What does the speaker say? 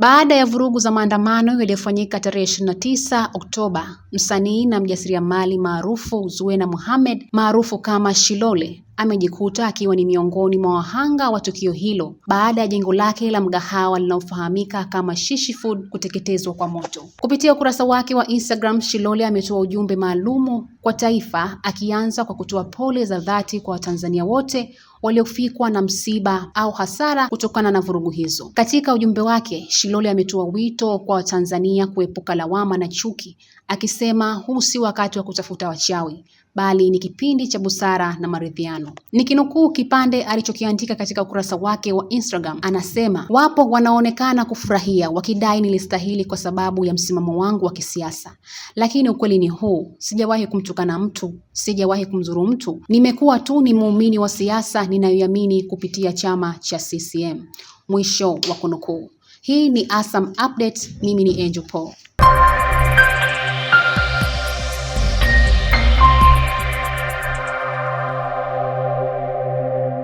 Baada ya vurugu za maandamano yaliyofanyika tarehe 29 Oktoba, msanii na mjasiriamali maarufu Zuena Mohammed maarufu kama Shilole amejikuta akiwa ni miongoni mwa wahanga wa tukio hilo baada ya jengo lake la mgahawa linalofahamika kama Shishi Food kuteketezwa kwa moto. Kupitia ukurasa wake wa Instagram, Shilole ametoa ujumbe maalumu kwa taifa akianza kwa kutoa pole za dhati kwa Watanzania wote waliofikwa na msiba au hasara kutokana na vurugu hizo. Katika ujumbe wake, Shilole ametoa wito kwa Watanzania kuepuka lawama na chuki, akisema huu si wakati wa kutafuta wachawi, bali ni kipindi cha busara na maridhiano mfano. Nikinukuu kipande alichokiandika katika ukurasa wake wa Instagram, anasema wapo wanaonekana kufurahia wakidai nilistahili kwa sababu ya msimamo wangu wa kisiasa, lakini ukweli ni huu: sijawahi kumtukana mtu, sijawahi kumdhuru mtu. Nimekuwa tu ni muumini wa siasa ninayoamini kupitia chama cha CCM. Mwisho wa kunukuu. Hii ni ASAM Update. Mimi ni Angel Paul.